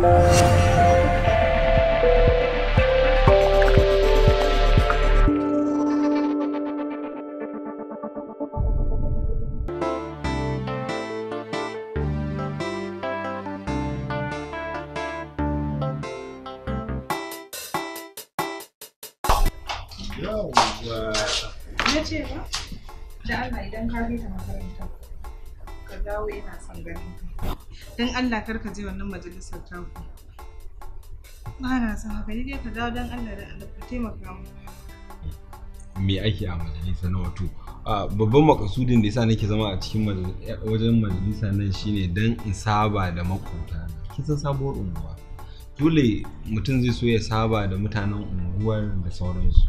Música don Allah kar ka je wannan majalisar taku ba na son haka dai ka dawo don Allah da Allah ka taimaka mu me ake a majalisa na wato babban makasudin da yasa nake zama a cikin wajen majalisa nan shine dan in saba da makota kin san sabuwar unguwa dole mutum zai so ya saba da mutanen unguwar da sauransu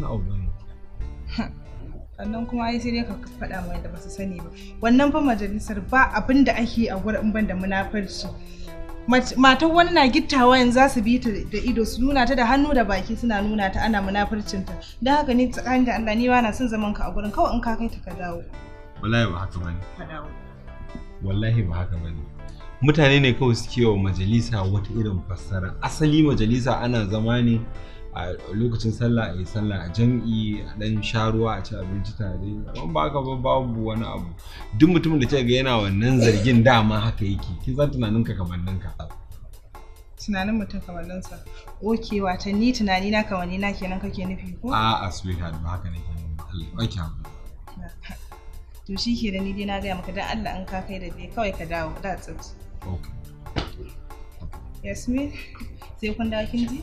na abu sannan kuma ai sai dai ka faɗa mai da basu sani ba wannan fa majalisar ba abin da ake a gurin ban da munafirci. matan wani na gittawa yanzu za su bi ta da ido su nuna ta da hannu da baki suna nuna ta ana munafurcin ta don haka ni tsakanin da Allah ni ba na son zaman ka a gurin kawai in ka kai ta ka dawo wallahi ba haka bane ka dawo wallahi ba haka bane mutane ne kawai suke wa majalisa wata irin fassara asali majalisa ana zama ne a lokacin sallah a yi sallah a jam'i a dan sha ruwa a ci abinci tare amma ba haka ba babu wani abu duk mutumin da ga yana wannan zargin dama haka yake kin san tunanin ka kamannin ka tunanin mutum kamannin sa oke wata ni tunani na kamanni na kenan kake nufi ko a a sweetheart ba haka nake nufi Allah ki hakuri to shi ke da ni dai na gaya maka dan Allah an ka kai da bai kawai ka dawo that's it okay yasmin sai kun dawo kin ji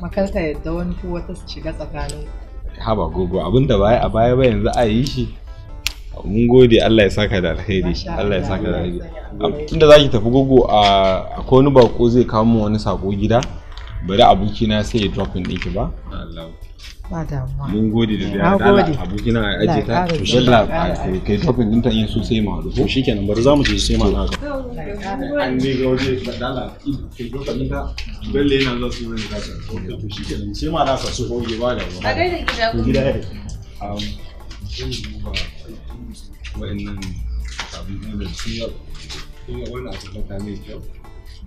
makarta yadda wani ko wata su shiga tsakanin haba gogo abinda baya a baya ba yanzu a yi shi mun gode Allah ya saka da alheri Allah ya saka da alheri tunda zaki tafi gogo a akwai wani bako zai kawo mu wani sako gida bari abokina sai ya dropping ɗinki ba Allah mun gode da biya da Allah abuki na aje ta to shalla eh, kai topin din ta in so sai ma to shikenan bari zamu je sai ma na ga an ne ga waje da kai ta belle su ne to shikenan sai ma da ba da ba gida ku gida abin da ta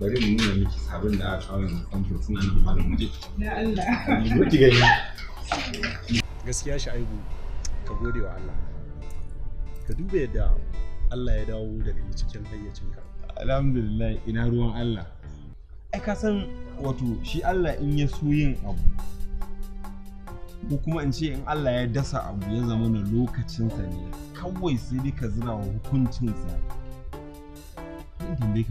bari mu nuna miki sabon da aka kawo yanzu kwanto suna nan malam muje ya Allah muje ga gaskiya shi aibu ka gode wa Allah ka duba yadda Allah ya dawo da kai cikin hayyacinka alhamdulillah ina ruwan Allah ai ka san wato shi Allah in ya so yin abu ko kuma in ce in Allah ya dasa abu ya zama na lokacinsa ne kawai sai dai ka zira wa hukuncinsa in tambaye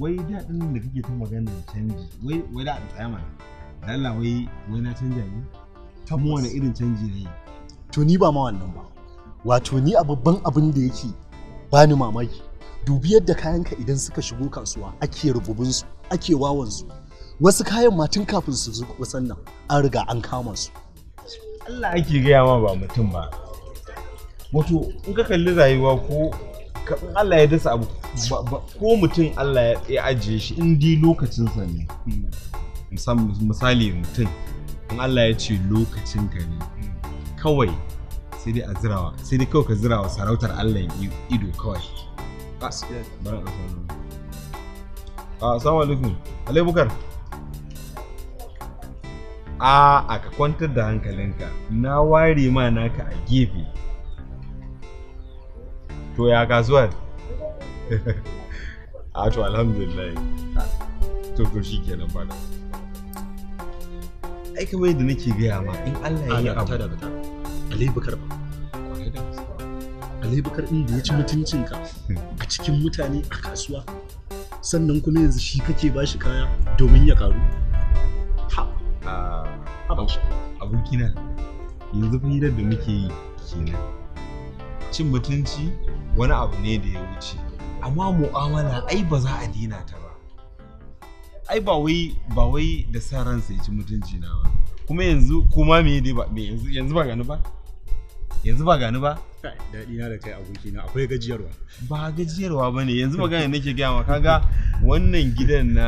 wai daɗin da kake ta maganar canji wai wai da tsaya mana lalla wai wai na canja ne ta mu wani irin canji ne to ni ba ma wannan ba wato ni a babban abin da yake bani mamaki dubi yadda kayanka idan suka shigo kasuwa ake su ake wawansu wasu kayan ma tun kafin su zo kusan nan an riga an kama su Allah ake gaya ma ba mutum ba wato in ka kalli rayuwa ko in Allah ya dasa abu ko mutum Allah ya ajiye shi in dai lokacin sa ne misali mutum in Allah ya ce lokacin ka ne kawai sai dai a zirawa sai dai kawai ka zirawa sarautar Allah ido kawai ah, Assalamu alaikum. Alai bukar. A'a ka kwantar da hankalinka. Na ware ma naka a gefe. to ya kasuwar a ah, to alhamdulillah to to shi kenan ba da ai kuma yadda nake gaya ma in Allah ya yi abu da bata Ali ba Ali inda ya ci mutuncinka a cikin mutane a kasuwa sannan kuma yanzu shi kake ba shi kaya domin ya karu ah, abokina yanzu fa hirar da muke yi kenan cin mutunci wani abu ne da ya wuce amma mu'amala ai ba za a dina ta ba ai ba wai ba wai da sa ransa ya ci mutunci na ba kuma yanzu kuma me dai ba me yanzu yanzu ba gani ba yanzu ba gani ba daɗi na da kai aboki na akwai gajiyarwa ba gajiyarwa ba ne yanzu magana nake gaya ma kaga wannan gidan na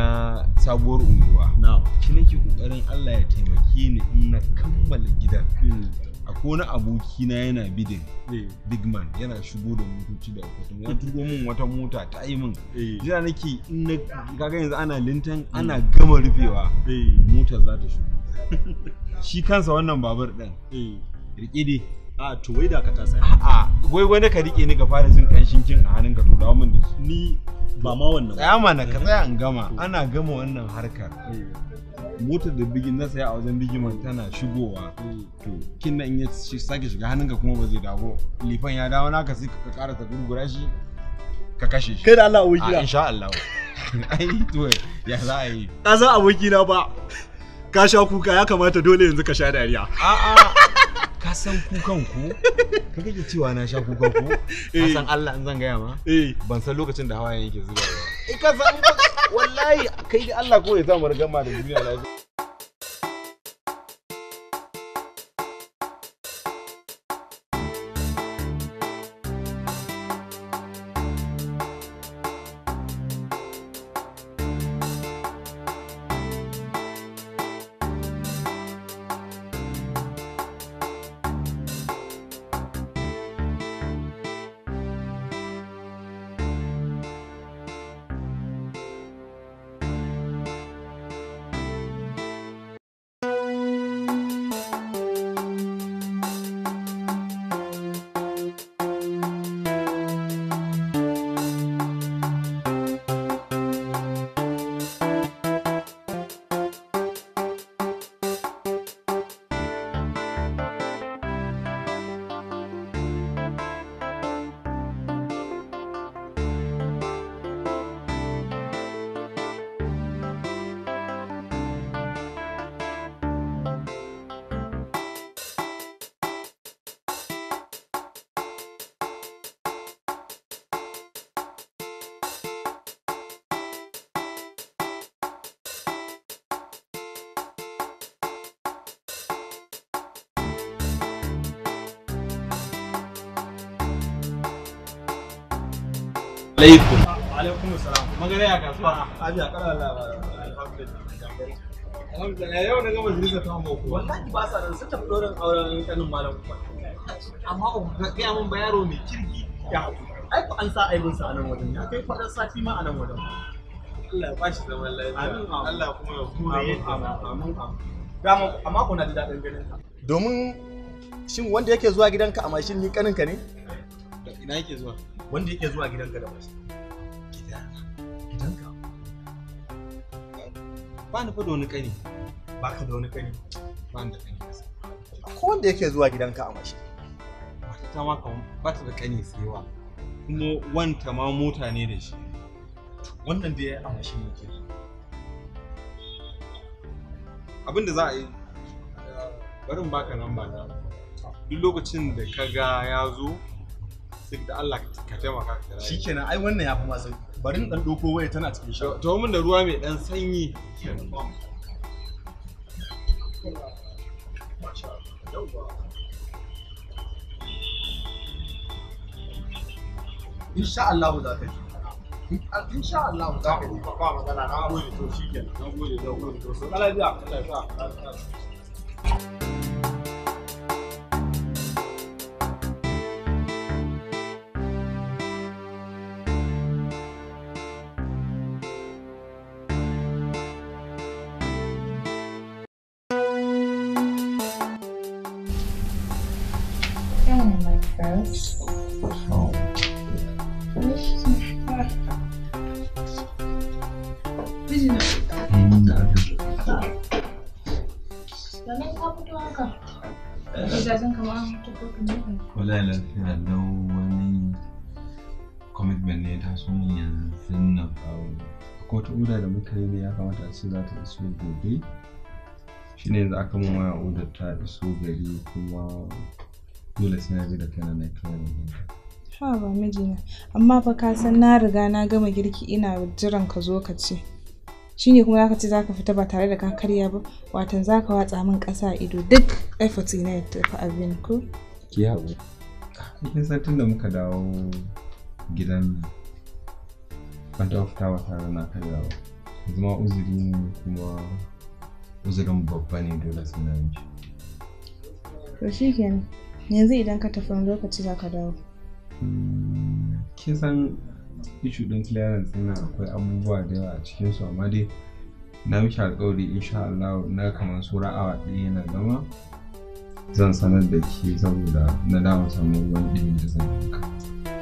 sabuwar unguwa na shi nake kokarin Allah ya taimake ni in na kammala gidan mm. akwai aboki abokina yana bidin eh. big man yana shigo da motoci da akwatin ya eh. turo min wata mota ta yi min eh. jira nake in na kaga yanzu ana lintan ana gama rufewa motar za ta shigo shi kansa wannan babur din rike dai a to wai da ka ta sai a wai wani ka rike ni ka fara jin kanshin kin a hannun ka to dawo min da mun ni ba ma wannan tsaya mana ka tsaya an gama ana gama wannan harkar motar da bigin na saya a wajen bigiman tana shigowa to kin nan ya sake shiga hannunka kuma ba zai dawo lifan ya dawo naka sai ka kara ta gurgura shi ka kashe shi kai da Allah abokina na insha Allah ai to ya za a yi ka za abokina na ba ka sha kuka ya kamata dole yanzu ka sha dariya a'a ka san kukan ku ka kake cewa na sha kukan ku. Eh. ka san Allah in zan gaya ma eh. ban san lokacin da hawayen yake zuba ba in eh, ka wallahi kai da Allah ko ya sa rigama da duniya lafiya alaikum alaikum salam magana ya kasuwa abi a kara labarin alhamdulillah yau na gama zirga ta mu wallahi ba sa nan sun tafi dorin auren kanin malam kuma amma ga ga mun ba yaro mai kirki ya ai ku an sa aibin sa a nan wajen ya kai fadar sati ma a nan wajen Allah ya bashi zaman lafiya amin Allah kuma ya kuma yadda amin amin amma ko na ji dadin ganin ka domin shin wanda yake zuwa gidanka a mashin ni kaninka ne ina yake zuwa wanda yake zuwa gidanka da wasu gidanka ba ni fa da wani kani ba ka da wani kani ba ni da kani ko wanda yake zuwa gidanka a mashi wata ta maka ba ta da kani tsewa kuma wanta ma mota ne da shi wannan da ya yi a mashi ne ke abinda za a yi barin baka nan ba na duk lokacin da ka ga ya zo sai da Allah ka taimaka shikenan ai wannan ya fi masu sauki bari in dan doko waya tana cikin shawa to mun da ruwa mai ɗan sanyi insha Allah za ka ji insha Allah za ba magana na gode to na gode na gode to sai Allah ya su ne yanzu nan akwai wata oda da muka yi ne ya kamata a ce za ta iso gobe shi ne yanzu aka mun waya odar ta iso gari kuma dole sai na je da kaina na kawai ne ha ba mijina amma fa ka san na riga na gama girki ina jiran ka zo ka ci ne kuma zaka ce zaka fita ba tare da ka karya ba watan zaka watsa min ƙasa ido duk effort na ya tafi abin ko ki hawo kin satin da muka dawo gidan nan ban taɓa fita tare na karya ba zama uzuri ne kuma uzurin babba ne dole sai na yi to shi kenan yanzu idan ka tafi wani lokaci za ka dawo hmm, kin san ishu ɗin clearance yana akwai abubuwa da yawa a cikinsu amma dai na mishi alkawari insha Allah na kamar sura awa ɗaya na gama zan sanar da ke saboda na dama samun wani ɗin da zan haka.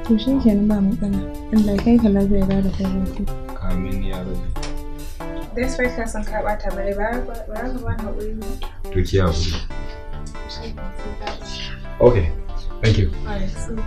to shi ke nan ba matsala Allah kai ka lafiya ba da kai lafiya amin ya rabu dai sai ka san ka bata bare ba ba ba na uri to kiya ya okay thank you all right so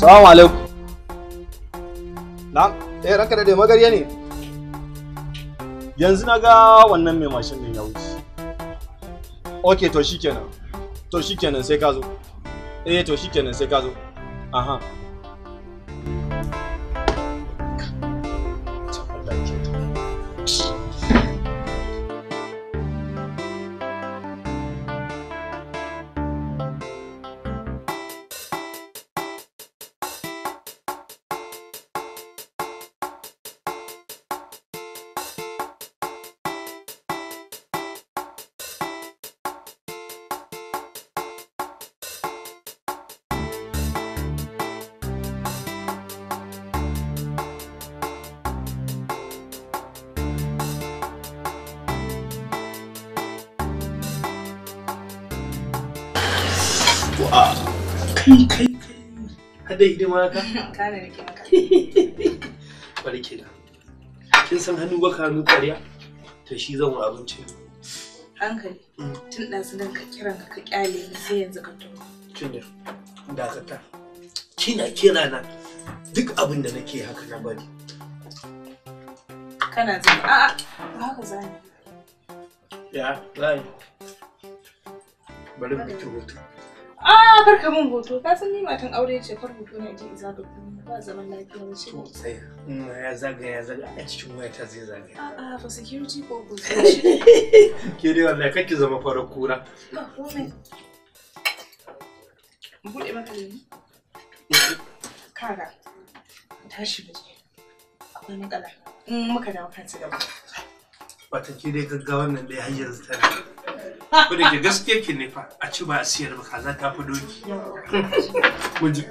Salamu alaikum. Na, eh ranka da magarya ne. Yanzu na ga wannan mai mashin din ya wuce. Ok, to shikenan. To shikenan sai ka zo. Eh, to shikenan sai ka zo. Aha. kai kai kai hada hidima ka kana nake maka barke da kin san hannu baka hannu ƙarya to shi zan wa abincin hankali mm. tun da su dan ka kira ka ka kyale ni sai yanzu ka to kinya da ka ta kina kira na duk abin da nake haka na bari kana zama a'a ba haka zani ya zai bari mu fito hoto Ah, kar ka mun hoto. Ka san ni matan aure ce kar hoto na je ji zaga ba zaman lafiya ne shi. To tsaya. ya zaga ya zaga a cikin wayata zai zaga. A'a, for security purpose. Ke dai wallahi kake zama fara kura. Ba ah, komai. Bude maka lemu. Kaga. Tashi miji. Akwai matsala. In muka dawo kansa gaba. Wata ke dai gaggawan nan dai har yanzu ko da ke gaske ki ne fa a ci ba a siyar ba kaza ta fi doki mu ji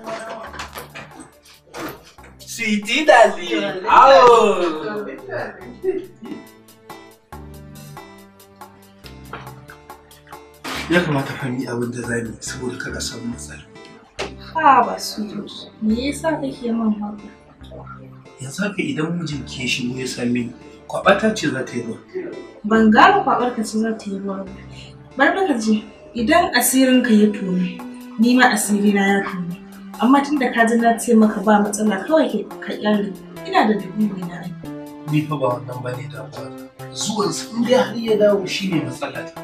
sweetie darling awo ya kamata fa mu abin da za mu yi saboda kada samu matsala a ba su me yasa kake min haka yanzu haka idan mijin ke shi ya same kwabata ce za ta yi ruwa ban gane kwabar ka ce za ta yi ruwa ba Barba je, idan asirinka ya toni, ni ma asirina ya toni. Amma tun da ka ji na ce maka ba matsala kawai ke ka kyale, ina da dubu na ai. Ni fa ba wannan ba ne damuwa. Zuwan sun dai har ya dawo shi ne matsala ta.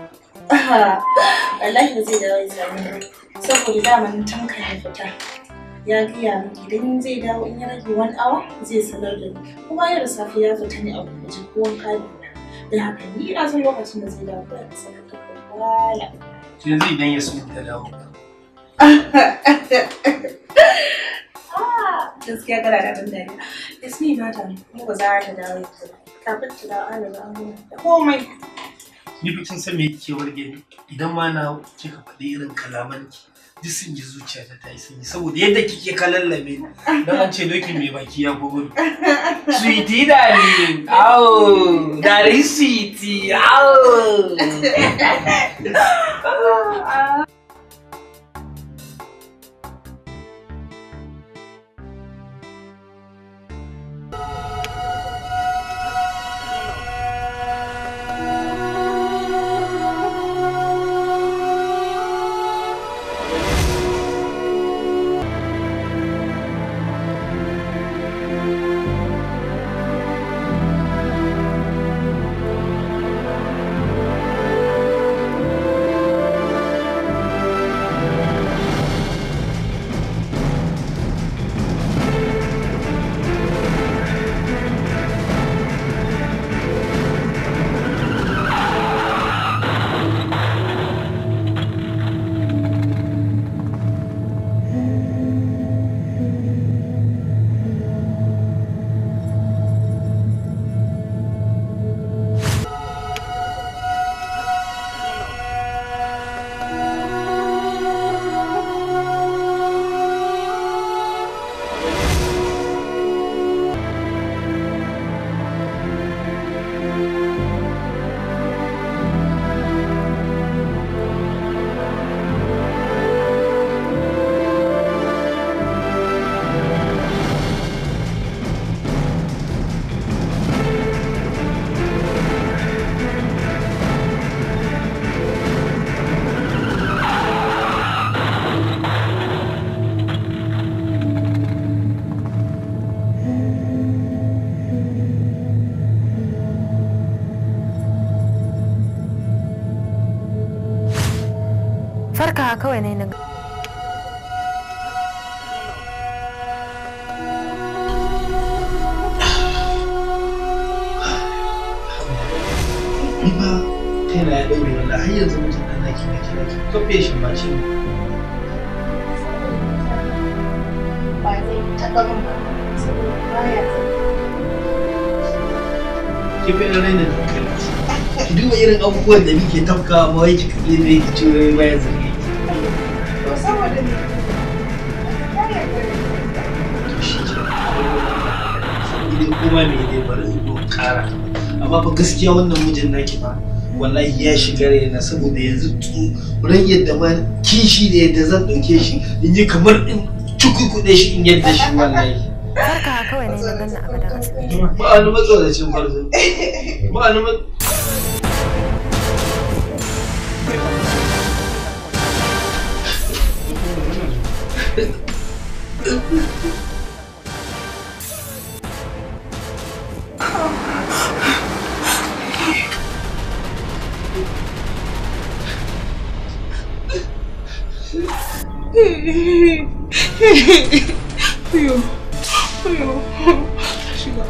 Wallahi ba zai dawo ya samu saboda daman tanka ya fita. Ya gaya min idan zai dawo in ya rage wani awa zai sanar da ni. Kuma yau da safe ya fita ne a guje ko wanka da haka ni ina son lokacin da zai dawo ya sanar da malam sai zai ya su da dawo gaskiya kana da abin dariya yasmi ba ta mu ba za ta dawo kafin ta dawo an riga an da komai ni bikin san me yake warge ni idan ma na kika faɗi irin kalaman ki duk sun ji zuciya ta yi sanyi saboda yadda kike kalallabe ni don an ce doki mai baki ya gogo sweetie darling dari sweetie aw. ni ba kaina ya ɗaure wanda har yanzu mutum ɗan naki na kira ki kafe shi ma ce ba ki fi ɗan da ki duba irin abubuwan da muke tafka ma wai ki kaɗe da yake ci wai baya zargi saboda ne shi ce idan kuma me ne bari in ƙara amma fa gaskiya wannan mijin naki ba wallahi ya shiga raina saboda yanzu ran yadda ma kishi da yadda zan ɗauke shi in yi kamar in cukukuɗe shi in yadda shi wallahi farka kawai ne na ganna a Uyo. Uyo. Shiga.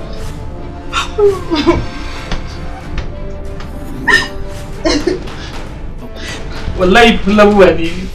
Wallahi fulawa ne.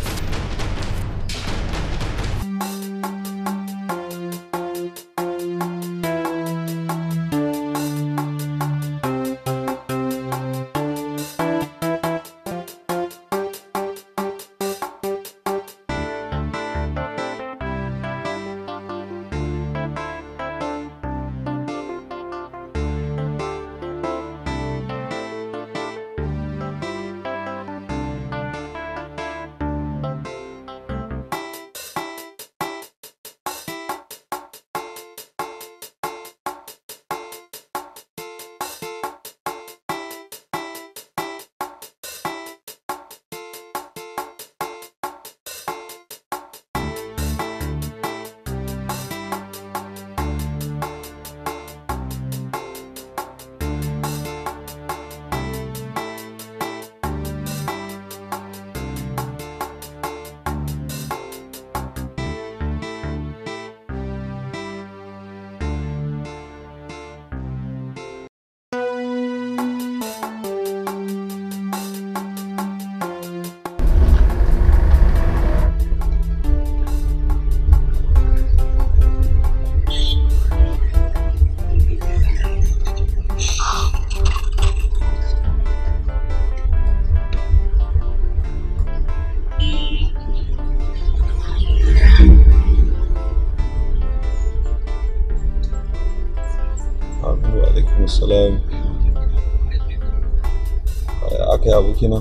kenan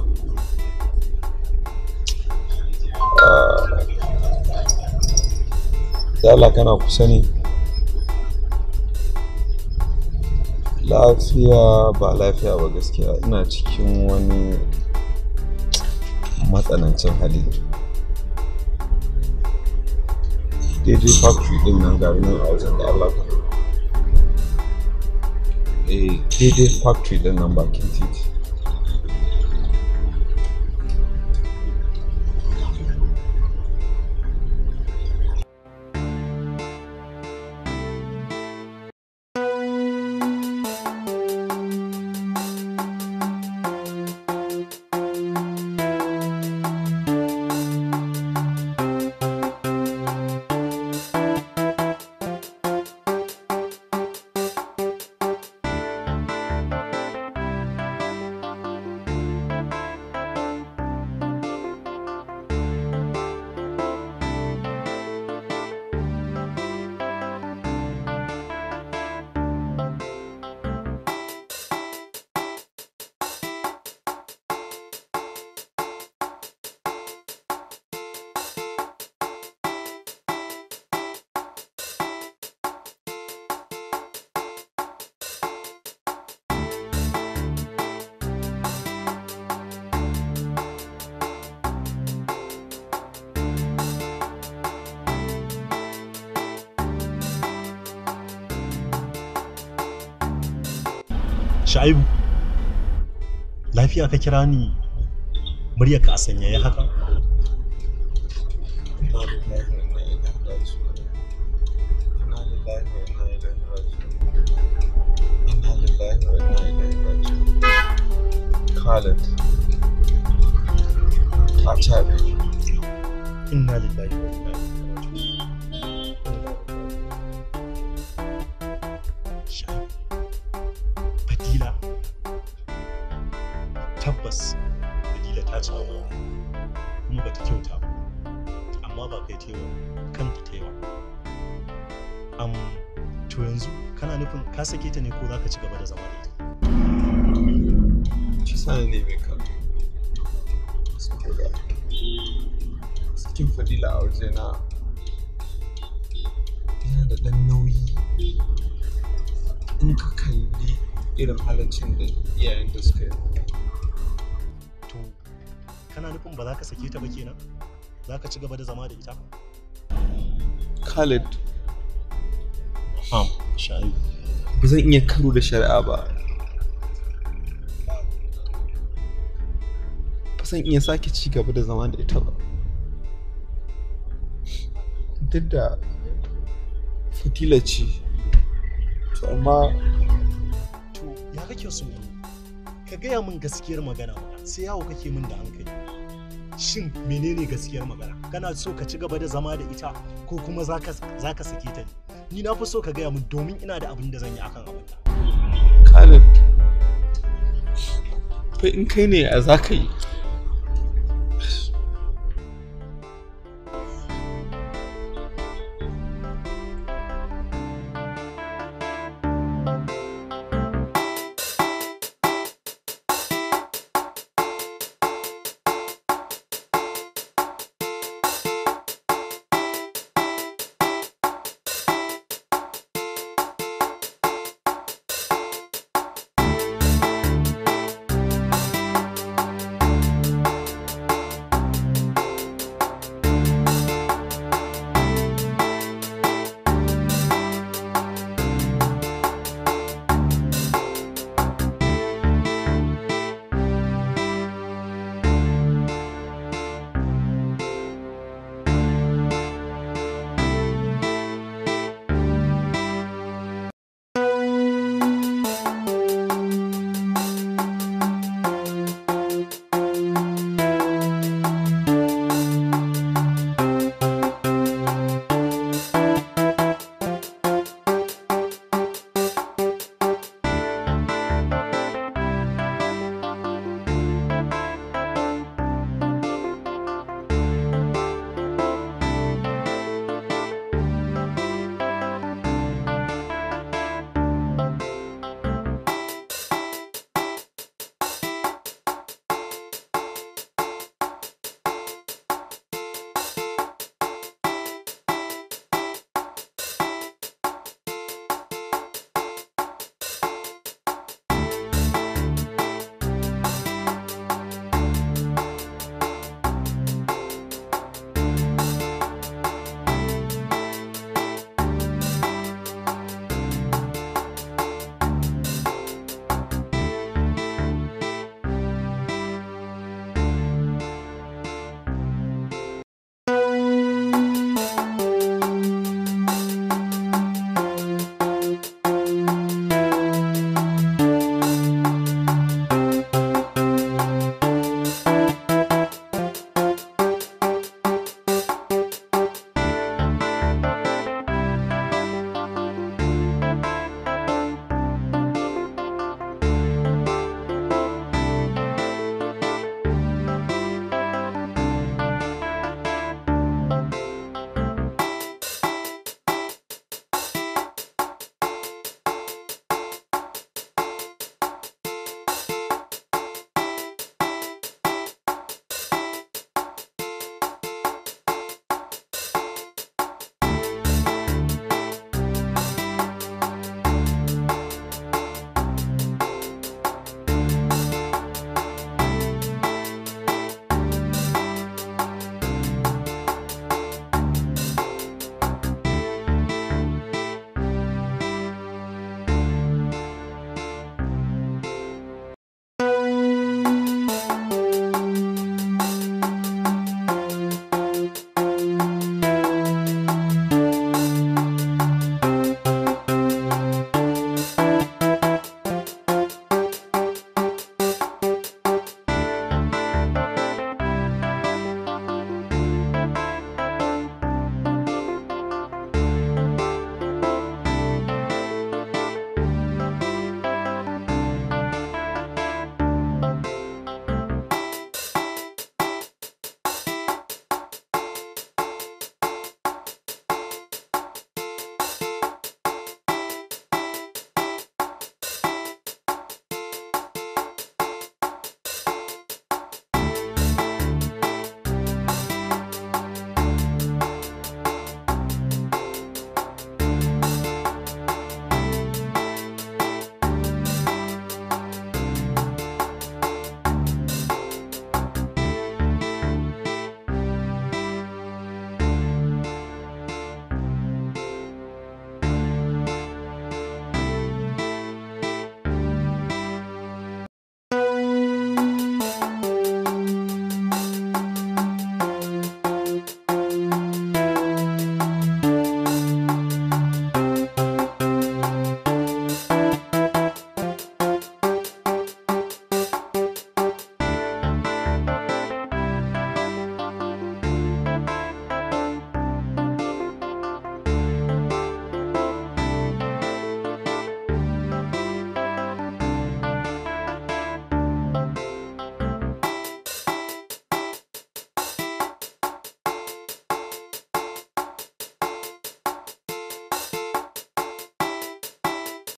da ah. Allah kana kusa ne lafiya ba lafiya ba gaskiya ina cikin wani matsanancin hali daidai factory din nan gari nan a wajen da Allah ka eh, daidai factory din nan bakin titi Shaibu, lafiya ka kira ni ka a sanyaye haka. um, to yanzu kana nufin ka sake ta ne ko za ka ci gaba da zama da ita ci sa ne mai ka sakin fadila a waje na yana da ɗan nauyi in ka kalli irin halaccin da iyayen da suka yi to kana nufin ba za ka sake ta ba kenan za ka ci gaba da zama da ita khalid ba zan iya karo da shari'a ba ba zan iya sake ci gaba da zama da ita ba duk da fatila ce to amma to ya kake so ka gaya min gaskiyar magana sai yawo kake min da hankali shin menene gaskiyar magana kana so ka ci gaba da zama da ita ko kuma za ka sake ta ne ni na fi so ka gaya min domin ina da abin da zan yi akan abin Khalid, fa in kai ne a za ka yi.